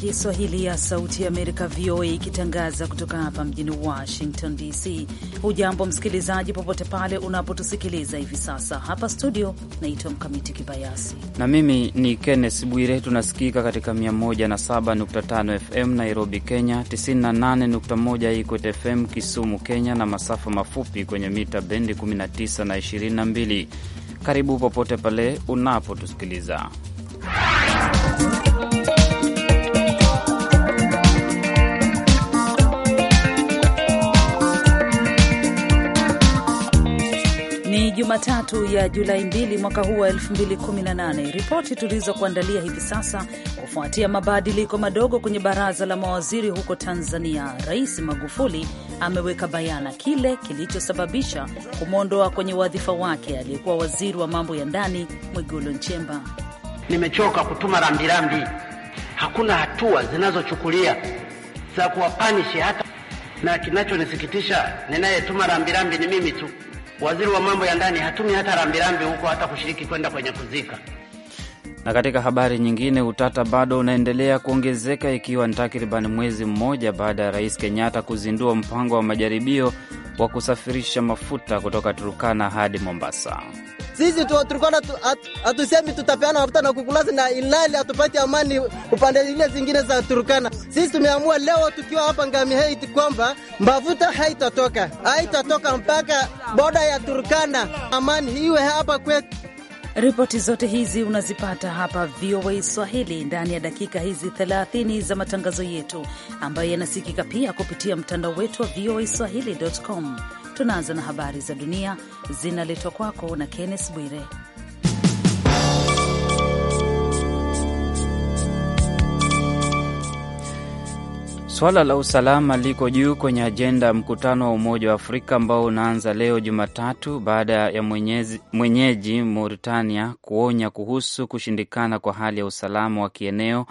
Kiswahili ya Sauti ya Amerika, VOA, ikitangaza kutoka hapa mjini Washington DC. Hujambo msikilizaji, popote pale unapotusikiliza hivi sasa. Hapa studio naitwa Mkamiti Kibayasi na mimi ni Kenneth Bwire. Tunasikika katika 107.5 FM Nairobi, Kenya, 98.1 Ikwet FM Kisumu, Kenya, na masafa mafupi kwenye mita bendi 19 na 22. Karibu popote pale unapotusikiliza Jumatatu ya Julai 2 mwaka huu wa 2018. Ripoti tulizokuandalia hivi sasa kufuatia mabadiliko madogo kwenye baraza la mawaziri huko Tanzania, Rais Magufuli ameweka bayana kile kilichosababisha kumwondoa kwenye wadhifa wake aliyekuwa waziri wa mambo ya ndani Mwigulu Nchemba. Nimechoka kutuma rambirambi, hakuna hatua zinazochukulia za kuwapanishi hata, na kinachonisikitisha ninayetuma rambirambi ni mimi tu waziri wa mambo ya ndani hatumi hata rambirambi huko, hata kushiriki kwenda kwenye kuzika. Na katika habari nyingine, utata bado unaendelea kuongezeka ikiwa ni takriban mwezi mmoja baada ya Rais Kenyatta kuzindua mpango wa majaribio wa kusafirisha mafuta kutoka turukana hadi Mombasa. Sisi Turukana hatusemi tutapeana mafuta na kukulaza na ilali, hatupati amani upande zile zingine za turukana Sisi tumeamua leo tukiwa hapa Ngami Heiti kwamba mafuta haitatoka, haitatoka mpaka boda ya turukana amani iwe hapa kwetu. Ripoti zote hizi unazipata hapa VOA Swahili ndani ya dakika hizi 30 za matangazo yetu ambayo yanasikika pia kupitia mtandao wetu wa VOA Swahili.com. Tunaanza na habari za dunia, zinaletwa kwako na Kenneth Bwire. Swala la usalama liko juu kwenye ajenda ya mkutano wa Umoja wa Afrika ambao unaanza leo Jumatatu baada ya mwenyezi, mwenyeji Mauritania kuonya kuhusu kushindikana kwa hali ya usalama wa kieneo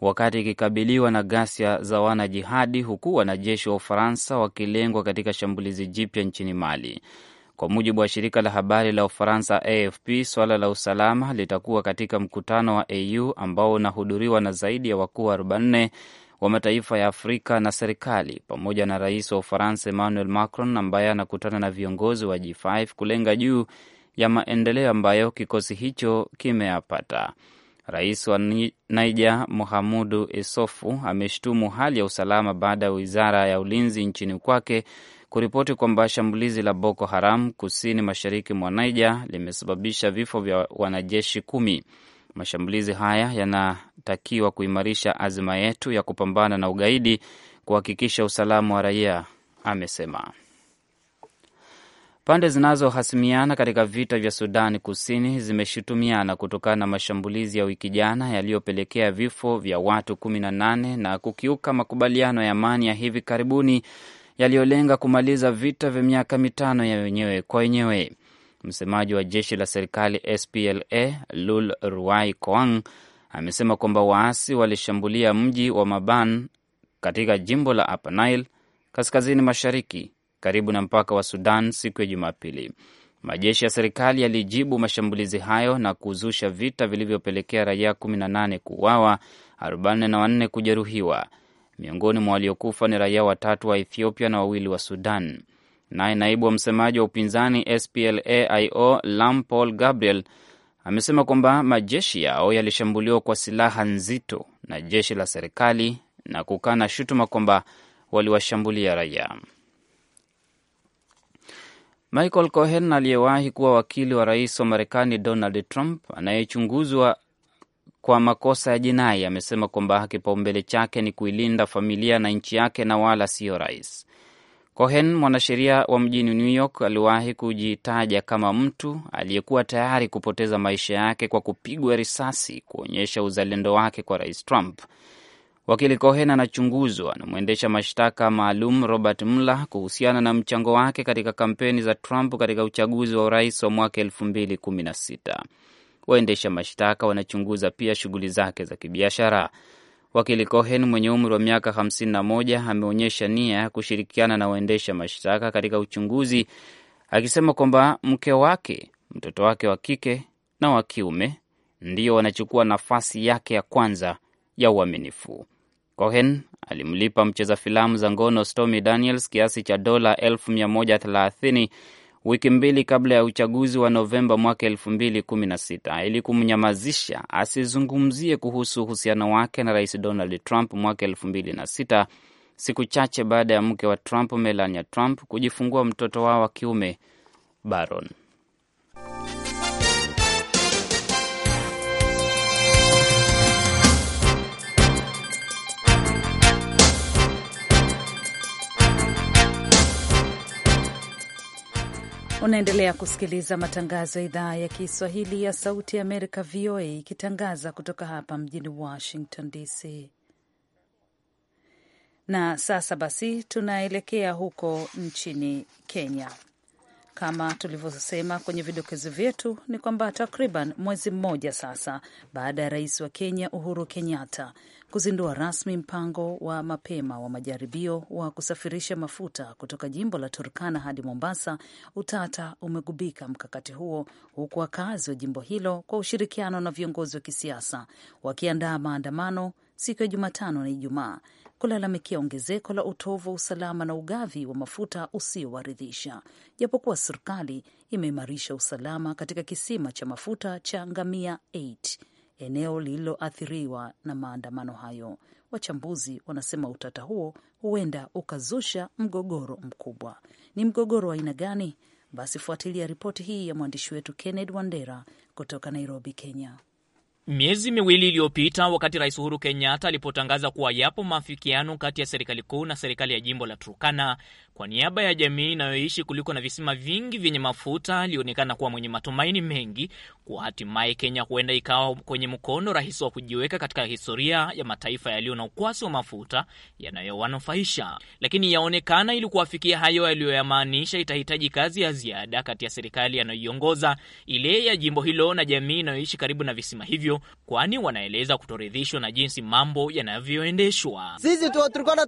wakati ikikabiliwa na ghasia za wanajihadi huku wanajeshi wa Ufaransa wakilengwa katika shambulizi jipya nchini Mali. Kwa mujibu wa shirika la habari la Ufaransa AFP, swala la usalama litakuwa katika mkutano wa AU ambao unahudhuriwa na zaidi ya wakuu wa mataifa ya Afrika na serikali pamoja na rais wa Ufaransa Emmanuel Macron ambaye anakutana na viongozi wa G5 kulenga juu ya maendeleo ambayo kikosi hicho kimeyapata. Rais wa Niger Mohamudu Isofu ameshtumu hali ya usalama baada ya wizara ya ulinzi nchini kwake kuripoti kwamba shambulizi la Boko Haram kusini mashariki mwa Niger limesababisha vifo vya wanajeshi kumi. Mashambulizi haya yanatakiwa kuimarisha azima yetu ya kupambana na ugaidi, kuhakikisha usalama wa raia, amesema. Pande zinazohasimiana katika vita vya Sudani Kusini zimeshutumiana kutokana na mashambulizi ya wiki jana yaliyopelekea vifo vya watu 18 na kukiuka makubaliano ya amani ya hivi karibuni yaliyolenga kumaliza vita vya miaka mitano ya wenyewe kwa wenyewe. Msemaji wa jeshi la serikali SPLA Lul Ruai Koang amesema kwamba waasi walishambulia mji wa Maban katika jimbo la Upper Nile kaskazini mashariki karibu na mpaka wa Sudan siku ya Jumapili. Majeshi ya serikali yalijibu mashambulizi hayo na kuzusha vita vilivyopelekea raia 18 kuuawa, 44 kujeruhiwa. Miongoni mwa waliokufa ni raia watatu wa Ethiopia na wawili wa Sudan. Naye naibu wa msemaji wa upinzani splaio lampaul Lam Paul Gabriel amesema kwamba majeshi yao yalishambuliwa kwa silaha nzito na jeshi la serikali na kukana shutuma kwamba waliwashambulia raia. Michael Cohen aliyewahi kuwa wakili wa rais wa Marekani Donald Trump anayechunguzwa kwa makosa ya jinai amesema kwamba kipaumbele chake ni kuilinda familia na nchi yake na wala siyo rais. Cohen, mwanasheria wa mjini New York, aliwahi kujitaja kama mtu aliyekuwa tayari kupoteza maisha yake kwa kupigwa risasi kuonyesha uzalendo wake kwa Rais Trump. Wakili Cohen anachunguzwa na mwendesha mashtaka maalum Robert Mueller kuhusiana na mchango wake katika kampeni za Trump katika uchaguzi wa urais wa mwaka e216 Waendesha mashtaka wanachunguza pia shughuli zake za kibiashara. Wakili Cohen mwenye umri wa miaka 51 ameonyesha nia ya kushirikiana na waendesha mashtaka katika uchunguzi, akisema kwamba mke wake, mtoto wake wa kike na wa kiume ndiyo wanachukua nafasi yake ya kwanza ya uaminifu. Cohen alimlipa mcheza filamu za ngono Stormy Daniels kiasi cha dola elfu mia moja thelathini wiki mbili kabla ya uchaguzi wa Novemba mwaka elfu mbili kumi na sita ili kumnyamazisha asizungumzie kuhusu uhusiano wake na Rais Donald Trump mwaka elfu mbili na sita siku chache baada ya mke wa Trump Melania Trump kujifungua mtoto wao wa kiume Baron. Unaendelea kusikiliza matangazo ya idhaa ya Kiswahili ya Sauti ya Amerika, VOA, ikitangaza kutoka hapa mjini Washington DC. Na sasa basi, tunaelekea huko nchini Kenya. Kama tulivyosema kwenye vidokezo vyetu, ni kwamba takriban mwezi mmoja sasa baada ya rais wa Kenya Uhuru Kenyatta kuzindua rasmi mpango wa mapema wa majaribio wa kusafirisha mafuta kutoka jimbo la Turkana hadi Mombasa. Utata umegubika mkakati huo, huku wakazi wa jimbo hilo kwa ushirikiano na viongozi wa kisiasa wakiandaa maandamano siku ya Jumatano na Ijumaa kulalamikia ongezeko la utovu wa usalama na ugavi wa mafuta usiowaridhisha. Japokuwa serikali imeimarisha usalama katika kisima cha mafuta cha Ngamia 8 eneo lililoathiriwa na maandamano hayo. Wachambuzi wanasema utata huo huenda ukazusha mgogoro mkubwa. Ni mgogoro wa aina gani? Basi fuatilia ripoti hii ya mwandishi wetu Kenneth Wandera kutoka Nairobi, Kenya. Miezi miwili iliyopita, wakati Rais Uhuru Kenyatta alipotangaza kuwa yapo maafikiano kati ya serikali kuu na serikali ya jimbo la turukana kwa niaba ya jamii inayoishi kuliko na visima vingi vyenye mafuta, alionekana kuwa mwenye matumaini mengi, kwa hatimaye Kenya huenda ikawa kwenye mkono rahisi wa kujiweka katika historia ya mataifa yaliyo na ukwasi wa mafuta yanayowanufaisha. Lakini yaonekana ili kuwafikia hayo yaliyoyamaanisha, itahitaji kazi ya ziada kati ya serikali yanayoiongoza ile ya jimbo hilo na jamii inayoishi karibu na visima hivyo, kwani wanaeleza kutoridhishwa na jinsi mambo yanavyoendeshwa. Sisi tulikuwa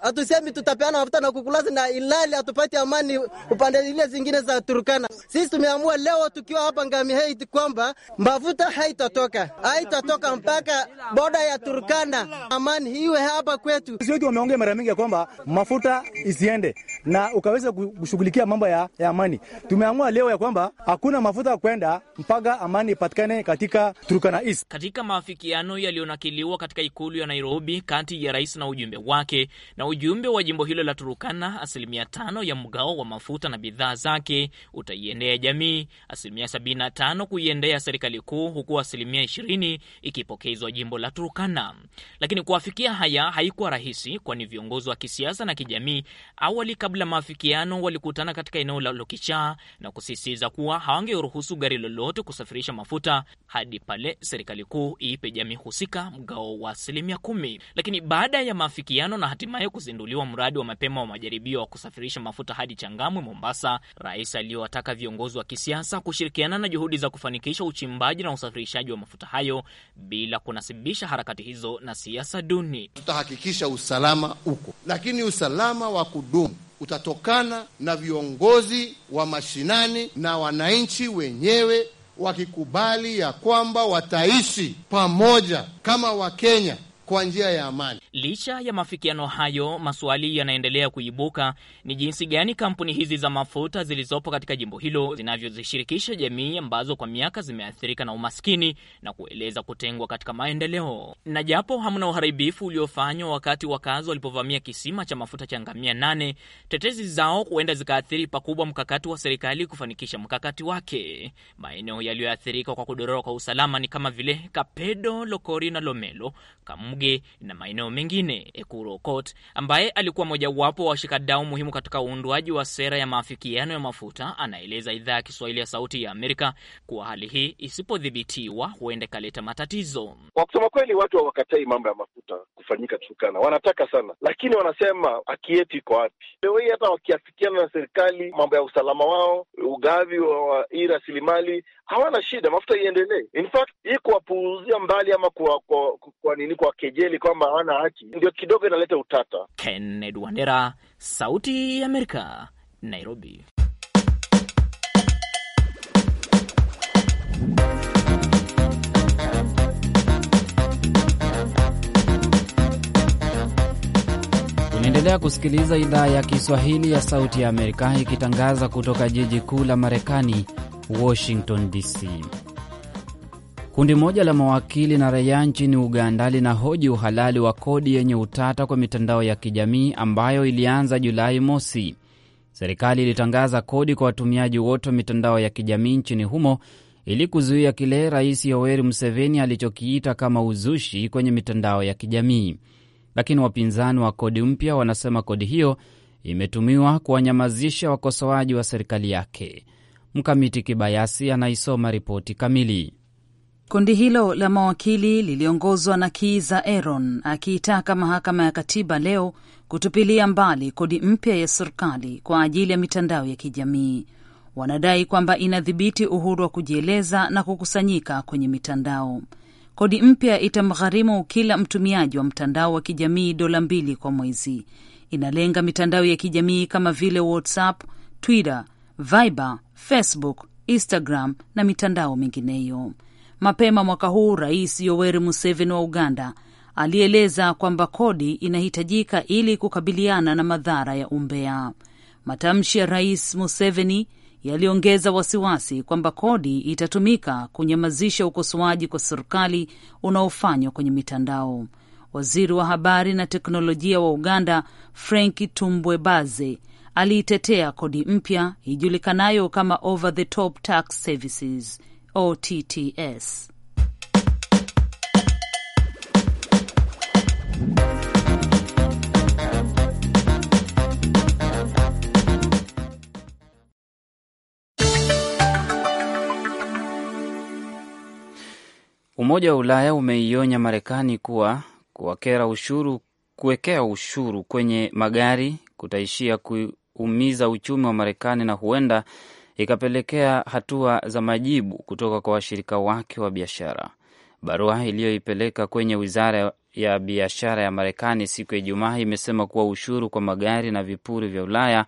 hatusemi tutapeana mafuta na kukulaza na ilali hatupati amani upande ile zingine za Turkana. Sisi tumeamua leo tukiwa hapa Ngamihei kwamba mafuta haitatoka, haitatoka mpaka boda ya Turkana amani iwe hapa kwetu. Wengi wameongea mara mingi ya kwamba mafuta isiende na ukaweza kushughulikia mambo ya, ya amani. Tumeamua leo ya kwamba hakuna mafuta ya kwenda mpaka amani ipatikane katika Turkana East. Katika maafikiano yaliyonakiliwa katika ikulu ya Nairobi kati ya rais na ujumbe wake na ujumbe wa jimbo hilo la Turukana, asilimia tano ya mgao wa mafuta na bidhaa zake utaiendea jamii, asilimia sabini na tano kuiendea serikali kuu, huku asilimia ishirini ikipokezwa jimbo la Turkana. Lakini kuafikia haya haikuwa rahisi, kwani viongozi wa kisiasa na kijamii awali, kabla maafikiano, walikutana katika eneo la Lokicha na kusisitiza kuwa hawangeruhusu gari lolote kusafirisha mafuta hadi pale serikali kuu iipe jamii husika mgao wa asilimia kumi. Lakini baada ya maafikiano na hatimaye kuzinduliwa mradi wa mapema wa majaribio wa kusafirisha mafuta hadi Changamwe, Mombasa, rais aliyowataka viongozi wa kisiasa kushirikiana na juhudi za kufanikisha uchimbaji na usafirishaji wa mafuta hayo bila kunasibisha harakati hizo na siasa duni. Tutahakikisha usalama uko, lakini usalama wa kudumu utatokana na viongozi wa mashinani na wananchi wenyewe wakikubali ya kwamba wataishi pamoja kama Wakenya kwa njia ya amani. Licha ya mafikiano hayo, maswali yanaendelea kuibuka ni jinsi gani kampuni hizi za mafuta zilizopo katika jimbo hilo zinavyozishirikisha jamii ambazo kwa miaka zimeathirika na umaskini na kueleza kutengwa katika maendeleo. Na japo hamna uharibifu uliofanywa wakati wakazi walipovamia kisima cha mafuta cha ngamia nane, tetezi zao huenda zikaathiri pakubwa mkakati wa serikali kufanikisha mkakati wake. Maeneo yaliyoathirika kwa kudorora kwa usalama ni kama vile Kapedo, Lokori na Lomelo kamu Kamuge na maeneo mengine. Ekuru Aukot ambaye alikuwa mojawapo wa washikadau muhimu katika uundwaji wa sera ya maafikiano ya mafuta anaeleza idhaa ya Kiswahili ya Sauti ya Amerika kuwa hali hii isipodhibitiwa huenda ikaleta matatizo. Kwa kusema kweli, watu hawakatai mambo ya mafuta kufanyika Turkana, wanataka sana, lakini wanasema akieti yetu iko wapi? Leo hii hata wakiafikiana na serikali mambo ya usalama wao, ugavi wa hii rasilimali, hawana shida, mafuta iendelee. In fact hii kuwapuuzia mbali ama kwa, kwa, kwa, kwa nini kwa kejeli kwamba hawana haki, ndio kidogo inaleta utata. Kennedy Wandera, Sauti ya Amerika, Nairobi. Unaendelea kusikiliza idhaa ya Kiswahili ya Sauti ya Amerika ikitangaza kutoka jiji kuu la Marekani, Washington DC. Kundi moja la mawakili na raia nchini Uganda linahoji uhalali wa kodi yenye utata kwa mitandao ya kijamii ambayo ilianza Julai mosi. Serikali ilitangaza kodi kwa watumiaji wote wa mitandao ya kijamii nchini humo ili kuzuia kile Rais Yoweri Museveni alichokiita kama uzushi kwenye mitandao ya kijamii. Lakini wapinzani wa kodi mpya wanasema kodi hiyo imetumiwa kuwanyamazisha wakosoaji wa serikali yake. Mkamiti Kibayasi anaisoma ripoti kamili. Kundi hilo la mawakili liliongozwa na za Eron akiitaka mahakama ya katiba leo kutupilia mbali kodi mpya ya serikali kwa ajili ya mitandao ya kijamii. Wanadai kwamba inadhibiti uhuru wa kujieleza na kukusanyika kwenye mitandao. Kodi mpya itamgharimu kila mtumiaji wa mtandao wa kijamii dola mbili kwa mwezi. Inalenga mitandao ya kijamii kama vile WhatsApp, Twitter, Viber, Facebook, Instagram na mitandao mingineyo. Mapema mwaka huu, Rais Yoweri Museveni wa Uganda alieleza kwamba kodi inahitajika ili kukabiliana na madhara ya umbea. Matamshi ya Rais Museveni yaliongeza wasiwasi kwamba kodi itatumika kunyamazisha ukosoaji kwa serikali unaofanywa kwenye mitandao. Waziri wa habari na teknolojia wa Uganda Frank Tumbwebaze aliitetea kodi mpya ijulikanayo kama over the top tax services OTTS. Umoja wa Ulaya umeionya Marekani kuwa kuwekea ushuru kuwekea ushuru kwenye magari kutaishia kuumiza uchumi wa Marekani na huenda ikapelekea hatua za majibu kutoka kwa washirika wake wa biashara. Barua iliyoipeleka kwenye wizara ya biashara ya Marekani siku ya Ijumaa imesema kuwa ushuru kwa magari na vipuri vya Ulaya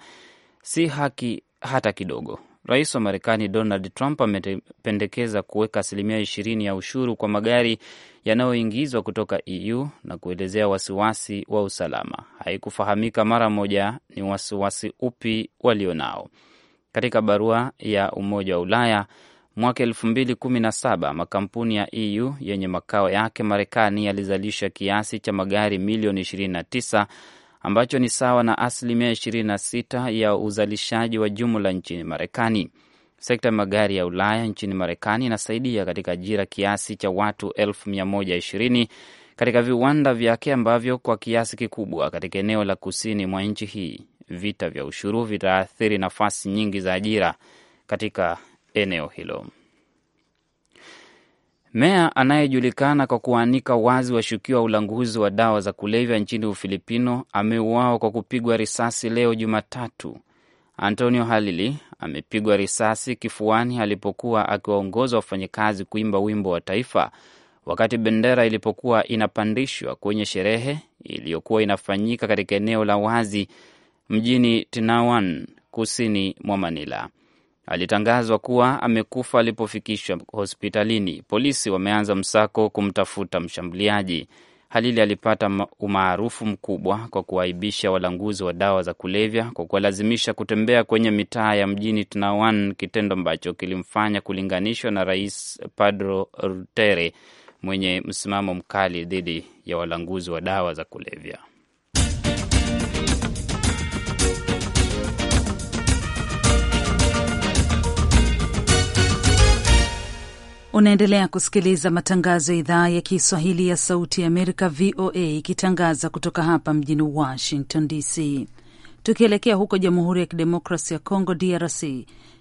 si haki hata kidogo. Rais wa Marekani Donald Trump amependekeza kuweka asilimia ishirini ya ushuru kwa magari yanayoingizwa kutoka EU na kuelezea wasiwasi wa usalama. Haikufahamika mara moja ni wasiwasi upi walionao. Katika barua ya Umoja wa Ulaya mwaka saba makampuni ya EU yenye makao yake Marekani yalizalisha kiasi cha magari milioni 29 ambacho ni sawa na asilimia 26 ya uzalishaji wa jumla nchini Marekani. Sekta ya magari ya Ulaya nchini Marekani inasaidia katika ajira kiasi cha watu 120 katika viwanda vyake ambavyo kwa kiasi kikubwa katika eneo la kusini mwa nchi hii vita vya ushuru vitaathiri nafasi nyingi za ajira katika eneo hilo. Meya anayejulikana kwa kuanika wazi washukiwa ulanguzi wa dawa za kulevya nchini Ufilipino ameuawa kwa kupigwa risasi leo Jumatatu. Antonio Halili amepigwa risasi kifuani alipokuwa akiwaongoza wafanyakazi kuimba wimbo wa taifa wakati bendera ilipokuwa inapandishwa kwenye sherehe iliyokuwa inafanyika katika eneo la wazi mjini Tinawan, kusini mwa Manila. Alitangazwa kuwa amekufa alipofikishwa hospitalini. Polisi wameanza msako kumtafuta mshambuliaji. Halili alipata umaarufu mkubwa kwa kuwaibisha walanguzi wa dawa za kulevya kwa kuwalazimisha kutembea kwenye mitaa ya mjini Tinawan, kitendo ambacho kilimfanya kulinganishwa na Rais Pedro Rutere mwenye msimamo mkali dhidi ya walanguzi wa dawa za kulevya. Unaendelea kusikiliza matangazo ya idhaa ya Kiswahili ya Sauti ya Amerika, VOA, ikitangaza kutoka hapa mjini Washington DC. Tukielekea huko Jamhuri ya Kidemokrasi ya congo DRC,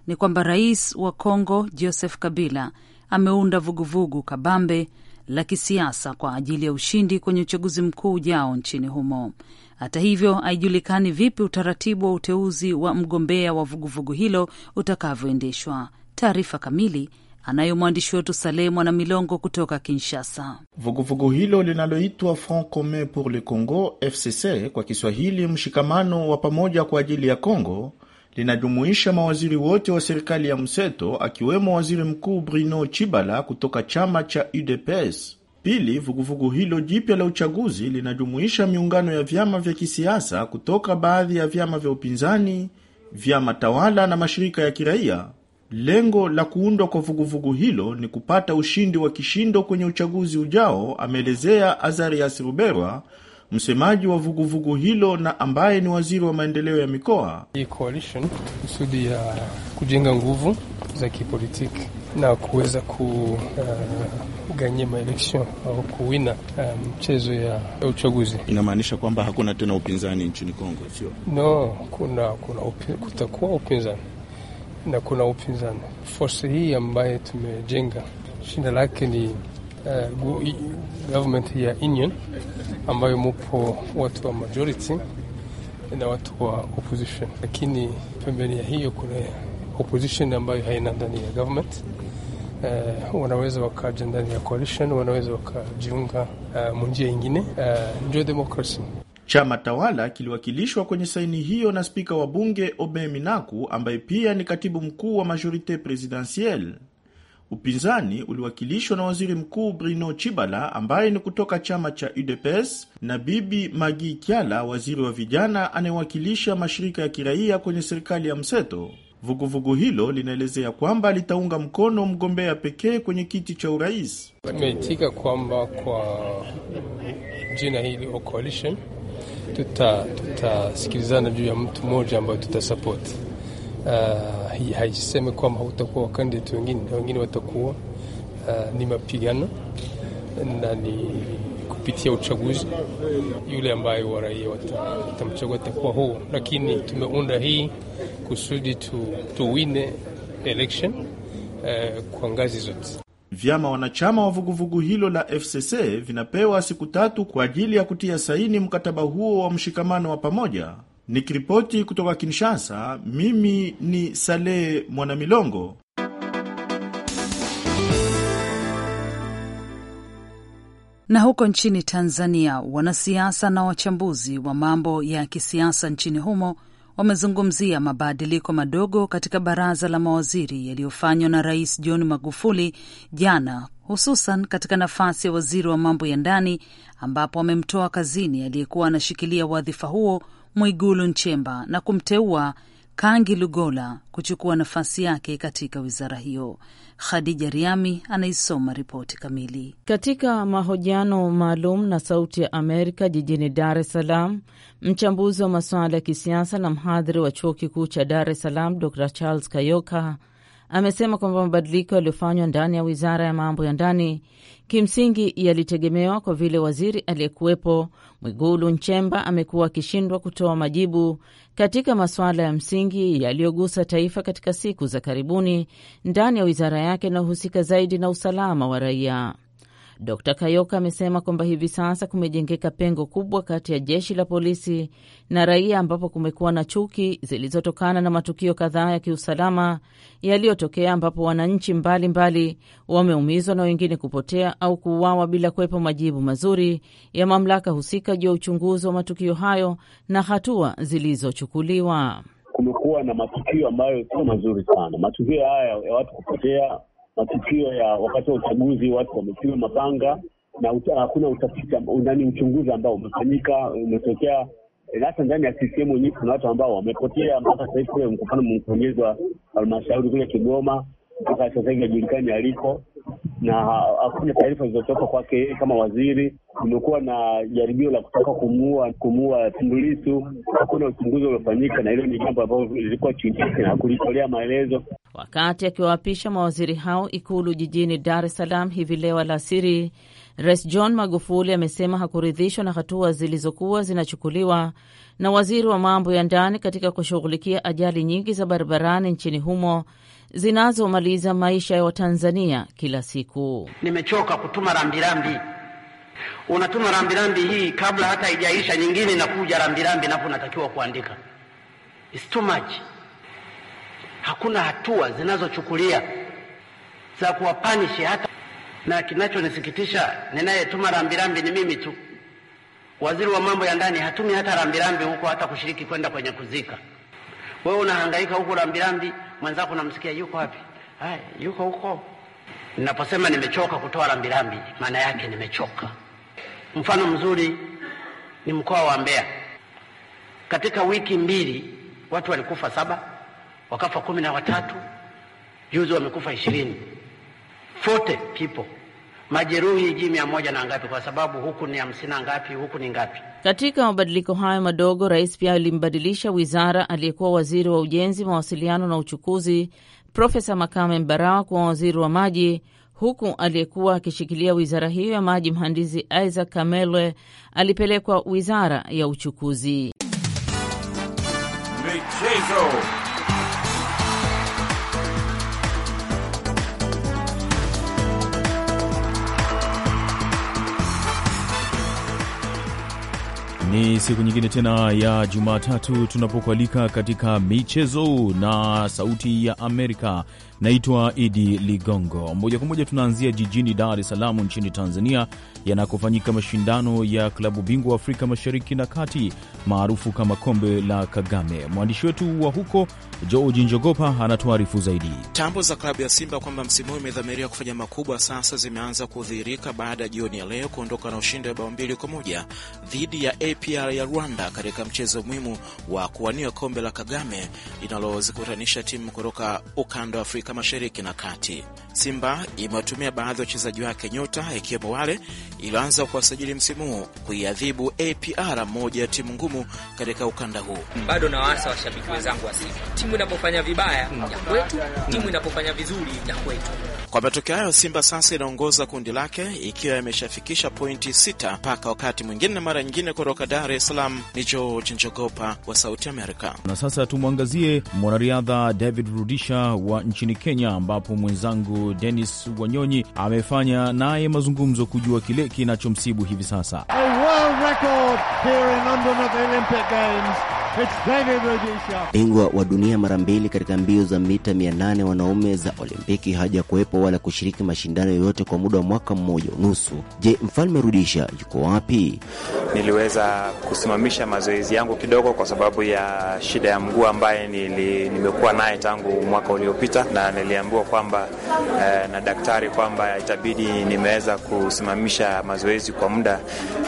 ni kwamba rais wa congo Joseph Kabila ameunda vuguvugu kabambe la kisiasa kwa ajili ya ushindi kwenye uchaguzi mkuu ujao nchini humo. Hata hivyo, haijulikani vipi utaratibu wa uteuzi wa mgombea wa vuguvugu hilo utakavyoendeshwa. Taarifa kamili anayo mwandishi wetu Saleh Mwana Milongo kutoka Kinshasa. Vuguvugu hilo linaloitwa Front Commun pour le Congo, FCC kwa Kiswahili, mshikamano wa pamoja kwa ajili ya Congo, linajumuisha mawaziri wote wa serikali ya mseto akiwemo waziri mkuu Bruno Chibala kutoka chama cha UDPS. Pili, vuguvugu hilo jipya la uchaguzi linajumuisha miungano ya vyama vya kisiasa kutoka baadhi ya vyama vya upinzani, vyama tawala na mashirika ya kiraia. Lengo la kuundwa kwa vuguvugu hilo ni kupata ushindi wa kishindo kwenye uchaguzi ujao, ameelezea Azarias Ruberwa, msemaji wa vuguvugu vugu hilo na ambaye ni waziri wa maendeleo ya mikoa. Hii coalition kusudi ya kujenga nguvu za kipolitiki na kuweza uh, kuganyia uh, maelection au kuwina uh, mchezo um, ya uchaguzi. Inamaanisha kwamba hakuna tena upinzani nchini Kongo, sio? No, kuna, kuna upi, kutakuwa upinzani na kuna upinzani. Force hii ambaye tumejenga shina lake ni uh, government ya union ambayo mupo watu wa majority na watu wa opposition, lakini pembeni ya hiyo kuna opposition ambayo haina ndani ya government. Uh, wanaweza wakaja ndani ya coalition, wanaweza wakajiunga uh, mu njia ingine. Uh, ndio demokrasi. Chama tawala kiliwakilishwa kwenye saini hiyo na spika wa bunge Obe Minaku ambaye pia ni katibu mkuu wa Majorite Presidentielle. Upinzani uliwakilishwa na waziri mkuu Bruno Chibala ambaye ni kutoka chama cha UDPS na Bibi Magi Kyala, waziri wa vijana anayewakilisha mashirika ya kiraia kwenye serikali ya mseto. Vuguvugu vugu hilo linaelezea kwamba litaunga mkono mgombea pekee kwenye kiti cha urais. Tumeitika kwamba kwa jina hili coalition tutasikilizana tuta juu ya mtu mmoja ambayo tutasapoti. Ah, uh, haiseme kwamba hautakuwa wakandidati wengine, na wengine watakuwa uh, ni mapigano na ni kupitia uchaguzi. Yule ambayo waraia watamchagua atakuwa huo, lakini tumeunda hii kusudi tuwine tu election uh, kwa ngazi zote. Vyama wanachama wa vuguvugu hilo la FCC vinapewa siku tatu kwa ajili ya kutia saini mkataba huo wa mshikamano wa pamoja. Nikiripoti kutoka Kinshasa, mimi ni Salehe Mwanamilongo. Na huko nchini Tanzania, wanasiasa na wachambuzi wa mambo ya kisiasa nchini humo wamezungumzia mabadiliko madogo katika baraza la mawaziri yaliyofanywa na Rais John Magufuli jana, hususan katika nafasi ya waziri wa mambo ya ndani, ambapo amemtoa kazini aliyekuwa anashikilia wadhifa huo Mwigulu Nchemba na kumteua Kangi Lugola kuchukua nafasi yake katika wizara hiyo. Khadija Riami anaisoma ripoti kamili. Katika mahojiano maalum na Sauti ya Amerika jijini Dar es Salaam, mchambuzi wa masuala ya kisiasa na mhadhiri wa chuo kikuu cha Dar es Salaam Dr Charles Kayoka amesema kwamba mabadiliko yaliyofanywa ndani ya wizara ya mambo ya ndani kimsingi yalitegemewa kwa vile waziri aliyekuwepo Mwigulu Nchemba amekuwa akishindwa kutoa majibu katika masuala ya msingi yaliyogusa taifa katika siku za karibuni ndani ya wizara yake inayohusika zaidi na usalama wa raia d Kayoka amesema kwamba hivi sasa kumejengeka pengo kubwa kati ya jeshi la polisi na raia, ambapo kumekuwa na chuki zilizotokana na matukio kadhaa ya kiusalama yaliyotokea, ambapo wananchi mbalimbali wameumizwa na wengine kupotea au kuuawa bila kuwepo majibu mazuri ya mamlaka husika juu ya uchunguzi wa matukio hayo na hatua zilizochukuliwa. Kumekuwa na matukio ambayo sio mazuri sana, matukio haya ya watu kupotea matukio ya wakati wa uchaguzi, watu wamepigwa mapanga na uta, utafiti ndani uchunguzi ambao umefanyika umetokea eh, hata ndani ya CCM wenyewe kuna watu ambao wamepotea mpaka sasa hivi. mfano mkurugenzi wa halmashauri kule Kigoma mpaka sasa hivi hajulikani aliko, na hakuna taarifa zilizotoka kwake yeye kama waziri. Kumekuwa na jaribio la kutaka kumuua kumuua Tundu Lissu, hakuna uchunguzi uliofanyika, na hilo ni jambo ambalo lilikuwa chini yake na kulitolea maelezo. Wakati akiwaapisha mawaziri hao Ikulu jijini Dar es Salaam hivi leo alasiri, Rais John Magufuli amesema hakuridhishwa na hatua zilizokuwa zinachukuliwa na waziri wa mambo ya ndani katika kushughulikia ajali nyingi za barabarani nchini humo zinazomaliza maisha ya Watanzania kila siku. Nimechoka kutuma rambirambi, unatuma rambirambi hii kabla hata haijaisha, nyingine inakuja rambirambi, napo natakiwa kuandika. It's too much hakuna hatua zinazochukulia za kuwapanishi hata. Na kinachonisikitisha, ninayetuma rambirambi ni mimi tu. Waziri wa mambo ya ndani hatumi hata rambirambi huko, hata kushiriki kwenda kwenye kuzika. Wewe unahangaika huko rambirambi, mwenzako namsikia yuko wapi? Haya, yuko huko. Ninaposema nimechoka kutoa rambirambi, maana yake nimechoka. Mfano mzuri ni mkoa wa Mbeya. Katika wiki mbili watu walikufa saba wakafa kumi na watatu, juzi wamekufa ishirini, 40 people majeruhi ji mia moja na ngapi, kwa sababu huku ni hamsini na ngapi, huku ni ngapi. Katika mabadiliko hayo madogo, rais pia alimbadilisha wizara aliyekuwa waziri wa ujenzi, mawasiliano na uchukuzi Profesa Makame Mbarawa kuwa waziri wa maji, huku aliyekuwa akishikilia wizara hiyo ya maji mhandisi Isaac Kamelwe alipelekwa wizara ya uchukuzi. siku nyingine tena ya Jumatatu tunapokualika katika michezo na Sauti ya Amerika Naitwa Idi Ligongo. Moja kwa moja tunaanzia jijini Dar es Salaam nchini Tanzania, yanakofanyika mashindano ya klabu bingwa Afrika Mashariki na Kati maarufu kama Kombe la Kagame. Mwandishi wetu wa huko George Njogopa anatuarifu zaidi. Tambo za klabu ya Simba kwamba msimu huu imedhamiria kufanya makubwa sasa zimeanza kudhihirika baada ya jioni ya leo kuondoka na ushindi wa bao mbili kwa moja dhidi ya APR ya Rwanda katika mchezo muhimu wa kuwania Kombe la Kagame linalozikutanisha timu kutoka ukanda wa Afrika Afrika Mashariki na Kati. Simba imewatumia baadhi ya wachezaji wake nyota, ikiwemo wale ilianza kuwasajili msimu huu, kuiadhibu APR, moja ya timu ngumu katika ukanda huu. Bado na washabiki wenzangu wa Simba, timu inapofanya vibaya ya kwetu, timu inapofanya vizuri ya kwetu. Kwa matokeo hayo, Simba sasa inaongoza kundi lake ikiwa imeshafikisha pointi sita. Mpaka wakati mwingine na mara nyingine, kutoka Dar es Salaam ni George Njogopa wa Sauti Amerika. Na sasa tumwangazie mwanariadha David Rudisha wa nchini Kenya, ambapo mwenzangu Denis Wanyonyi amefanya naye mazungumzo kujua kile kinachomsibu hivi sasa. A world record here in London at the Olympic Games. Bingwa wa dunia mara mbili katika mbio za mita 800 wanaume za Olimpiki haja kuwepo wala kushiriki mashindano yoyote kwa muda wa mwaka mmoja unusu. Je, mfalme Rudisha yuko wapi? Niliweza kusimamisha mazoezi yangu kidogo kwa sababu ya shida ya mguu ambaye nimekuwa naye tangu mwaka uliopita, na niliambiwa kwamba eh, na daktari kwamba itabidi nimeweza kusimamisha mazoezi kwa muda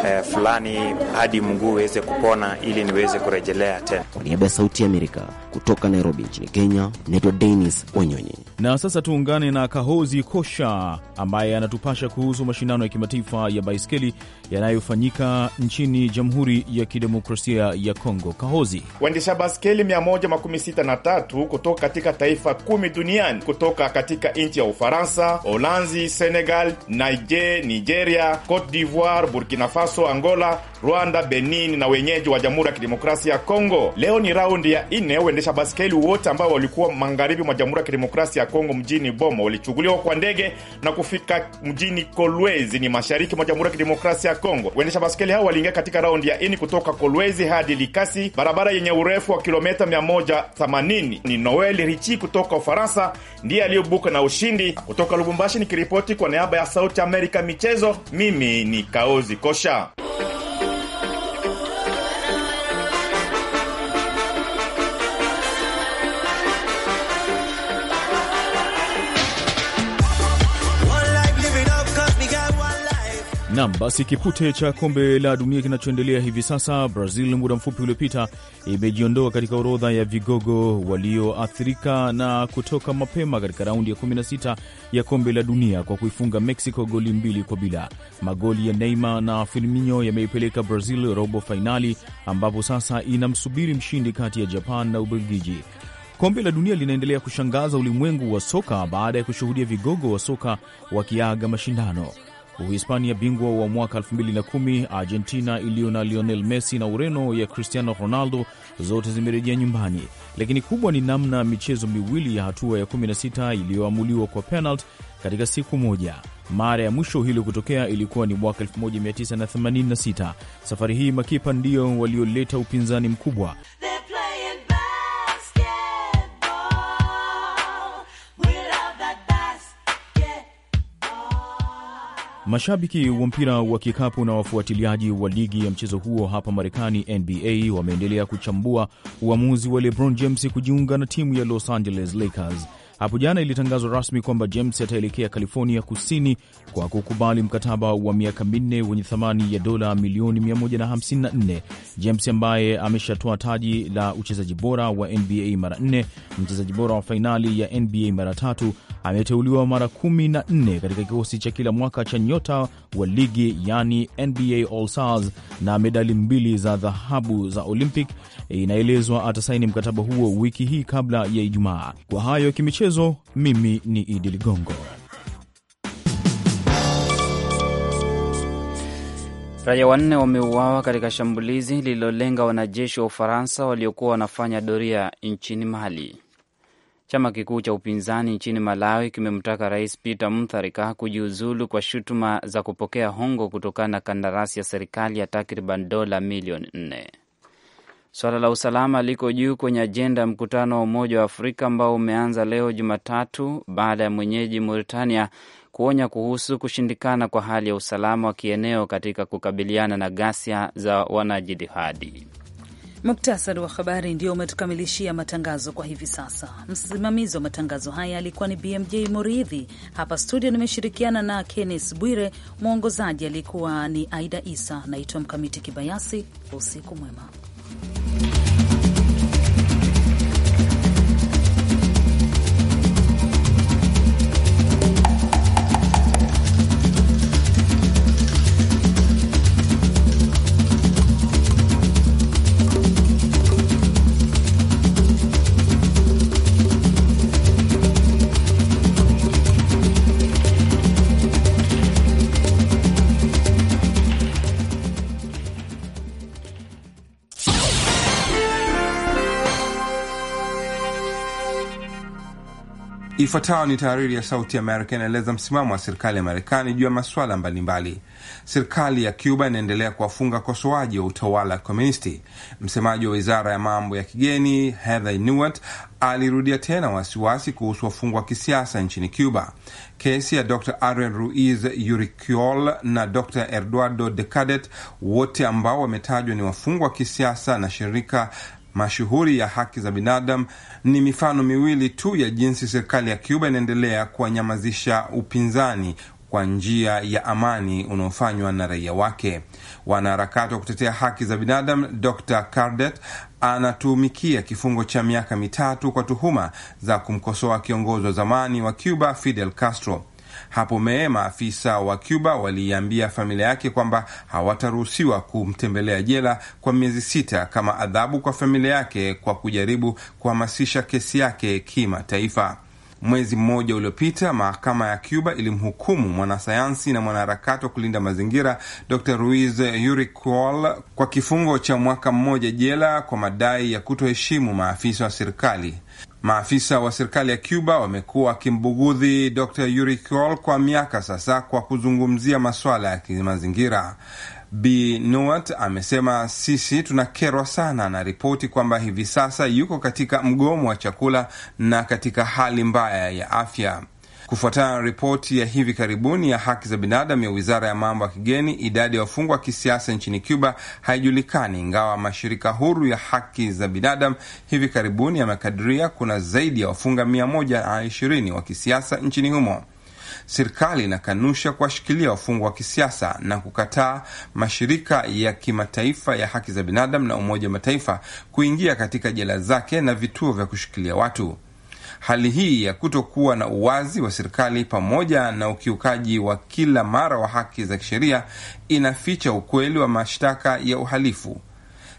eh, fulani hadi mguu uweze kupona ili niweze kurejelea vibaya Kwa niaba ya Sauti ya Amerika kutoka Nairobi nchini Kenya, naitwa Denis Wanyonyi. Na sasa tuungane na Kahozi Kosha ambaye anatupasha kuhusu mashindano ya kimataifa ya baiskeli yanayofanyika nchini Jamhuri ya Kidemokrasia ya Kongo. Kahozi, waendesha baskeli 163 kutoka katika taifa kumi duniani kutoka katika nchi ya Ufaransa, Holanzi, Senegal, Niger, Nigeria, Cote d'Ivoire, Burkina Faso, Angola, Rwanda, Benin na wenyeji wa Jamhuri ya Kidemokrasia ya Kongo Kongo. Leo ni raundi ya nne. Waendesha baskeli wote ambao walikuwa magharibi mwa Jamhuri ya Kidemokrasia ya Kongo mjini Boma walichukuliwa kwa ndege na kufika mjini Kolwezi ni mashariki mwa Jamhuri ya Kidemokrasia ya Kongo. Waendesha baskeli hao waliingia katika raundi ya nne kutoka Kolwezi hadi Likasi, barabara yenye urefu wa kilometa 180. Ni Noel Richi kutoka Ufaransa ndiye aliyobuka na ushindi. Kutoka Lubumbashi nikiripoti kwa niaba ya Sauti Amerika michezo, mimi ni Kaozi Kosha. Nam, basi kipute cha kombe la dunia kinachoendelea hivi sasa, Brazil muda mfupi uliopita imejiondoa katika orodha ya vigogo walioathirika na kutoka mapema katika raundi ya 16 ya kombe la dunia kwa kuifunga Mexico goli mbili kwa bila. Magoli ya Neymar na Firmino yameipeleka Brazil robo fainali, ambapo sasa inamsubiri mshindi kati ya Japan na Ubelgiji. Kombe la dunia linaendelea kushangaza ulimwengu wa soka baada ya kushuhudia vigogo wa soka wakiaga mashindano. Uhispania bingwa wa mwaka 2010, Argentina iliyo na Lionel Messi na Ureno ya Cristiano Ronaldo zote zimerejea nyumbani, lakini kubwa ni namna michezo miwili ya hatua ya 16 iliyoamuliwa kwa penalti katika siku moja. Mara ya mwisho hilo kutokea ilikuwa ni mwaka 1986. Safari hii makipa ndiyo walioleta upinzani mkubwa. Mashabiki wa mpira wa kikapu na wafuatiliaji wa ligi ya mchezo huo hapa Marekani, NBA, wameendelea kuchambua uamuzi wa LeBron James kujiunga na timu ya Los Angeles Lakers. Hapo jana ilitangazwa rasmi kwamba James ataelekea California Kusini kwa kukubali mkataba wa miaka minne wenye thamani ya dola milioni 154. James ambaye ameshatoa taji la uchezaji bora wa NBA mara nne, mchezaji bora wa fainali ya NBA mara tatu, ameteuliwa mara kumi na katika kikosi cha kila mwaka cha nyota wa ligi yani NBA All Stars na medali mbili za dhahabu za Olympic. Inaelezwa atasaini mkataba huo wiki hii kabla ya Ijumaa. Kwa hayo kimichezo, mimi ni Idi Ligongo. Raia wanne wameuawa katika shambulizi lililolenga wanajeshi wa Ufaransa waliokuwa wanafanya doria nchini Mali. Chama kikuu cha upinzani nchini Malawi kimemtaka Rais Peter Mutharika kujiuzulu kwa shutuma za kupokea hongo kutokana na kandarasi ya serikali ya takriban dola milioni nne. Suala la usalama liko juu kwenye ajenda ya mkutano wa Umoja wa Afrika ambao umeanza leo Jumatatu baada ya mwenyeji Mauritania kuonya kuhusu kushindikana kwa hali ya usalama wa kieneo katika kukabiliana na ghasia za wanajihadi. Muktasari wa habari ndio umetukamilishia matangazo kwa hivi sasa. Msimamizi wa matangazo haya alikuwa ni BMJ Muridhi. Hapa studio nimeshirikiana na Kennes Bwire, mwongozaji alikuwa ni Aida Isa. Naitwa Mkamiti Kibayasi. Usiku mwema. Ifuatayo ni tahariri ya Sauti Amerika inaeleza msimamo wa serikali ya Marekani juu ya masuala mbalimbali. Serikali ya Cuba inaendelea kuwafunga wakosoaji wa utawala wa komunisti. Msemaji wa wizara ya mambo ya kigeni Heather Nauert alirudia tena wasiwasi kuhusu wafungwa wa kisiasa nchini Cuba. Kesi ya Dr Ariel Ruiz Urquiol na Dr Eduardo de Cadet, wote ambao wametajwa ni wafungwa wa kisiasa na shirika mashuhuri ya haki za binadamu ni mifano miwili tu ya jinsi serikali ya Cuba inaendelea kuwanyamazisha upinzani kwa njia ya amani unaofanywa na raia wake. Wanaharakati wa kutetea haki za binadamu Dr Cardet anatumikia kifungo cha miaka mitatu kwa tuhuma za kumkosoa kiongozi wa zamani wa Cuba Fidel Castro. Hapo Mei, maafisa wa Cuba waliiambia familia yake kwamba hawataruhusiwa kumtembelea jela kwa miezi sita kama adhabu kwa familia yake kwa kujaribu kuhamasisha kesi yake kimataifa. Mwezi mmoja uliopita mahakama ya Cuba ilimhukumu mwanasayansi na mwanaharakati wa kulinda mazingira Dr Ruiz Urquiol kwa kifungo cha mwaka mmoja jela kwa madai ya kutoheshimu maafisa wa serikali. Maafisa wa serikali ya Cuba wamekuwa wakimbughudhi Dr Uricol kwa miaka sasa kwa kuzungumzia masuala ya kimazingira. b Noat amesema sisi tunakerwa sana na ripoti kwamba hivi sasa yuko katika mgomo wa chakula na katika hali mbaya ya afya. Kufuatana na ripoti ya hivi karibuni ya haki za binadamu ya wizara ya mambo ya kigeni, idadi ya wafungwa wa kisiasa nchini Cuba haijulikani, ingawa mashirika huru ya haki za binadamu hivi karibuni yamekadiria kuna zaidi ya wafunga 120 wa kisiasa nchini humo. Serikali inakanusha kuwashikilia wafungwa wa kisiasa na kukataa mashirika ya kimataifa ya haki za binadamu na Umoja wa Mataifa kuingia katika jela zake na vituo vya kushikilia watu. Hali hii ya kutokuwa na uwazi wa serikali pamoja na ukiukaji wa kila mara wa haki za kisheria inaficha ukweli wa mashtaka ya uhalifu.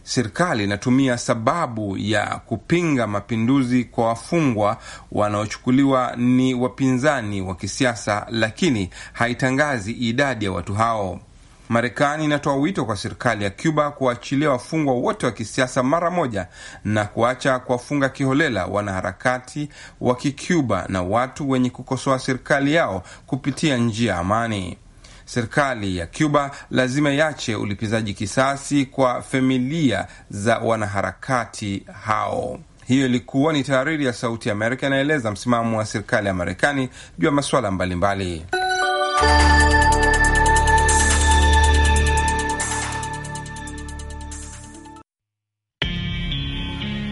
Serikali inatumia sababu ya kupinga mapinduzi kwa wafungwa wanaochukuliwa ni wapinzani wa kisiasa, lakini haitangazi idadi ya watu hao. Marekani inatoa wito kwa serikali ya Cuba kuwaachilia wafungwa wote wa kisiasa mara moja na kuacha kuwafunga kiholela wanaharakati wa Kicuba na watu wenye kukosoa serikali yao kupitia njia ya amani. Serikali ya Cuba lazima iache ulipizaji kisasi kwa familia za wanaharakati hao. Hiyo ilikuwa ni tahariri ya Sauti ya Amerika inaeleza msimamo wa serikali ya Marekani juu ya masuala mbalimbali.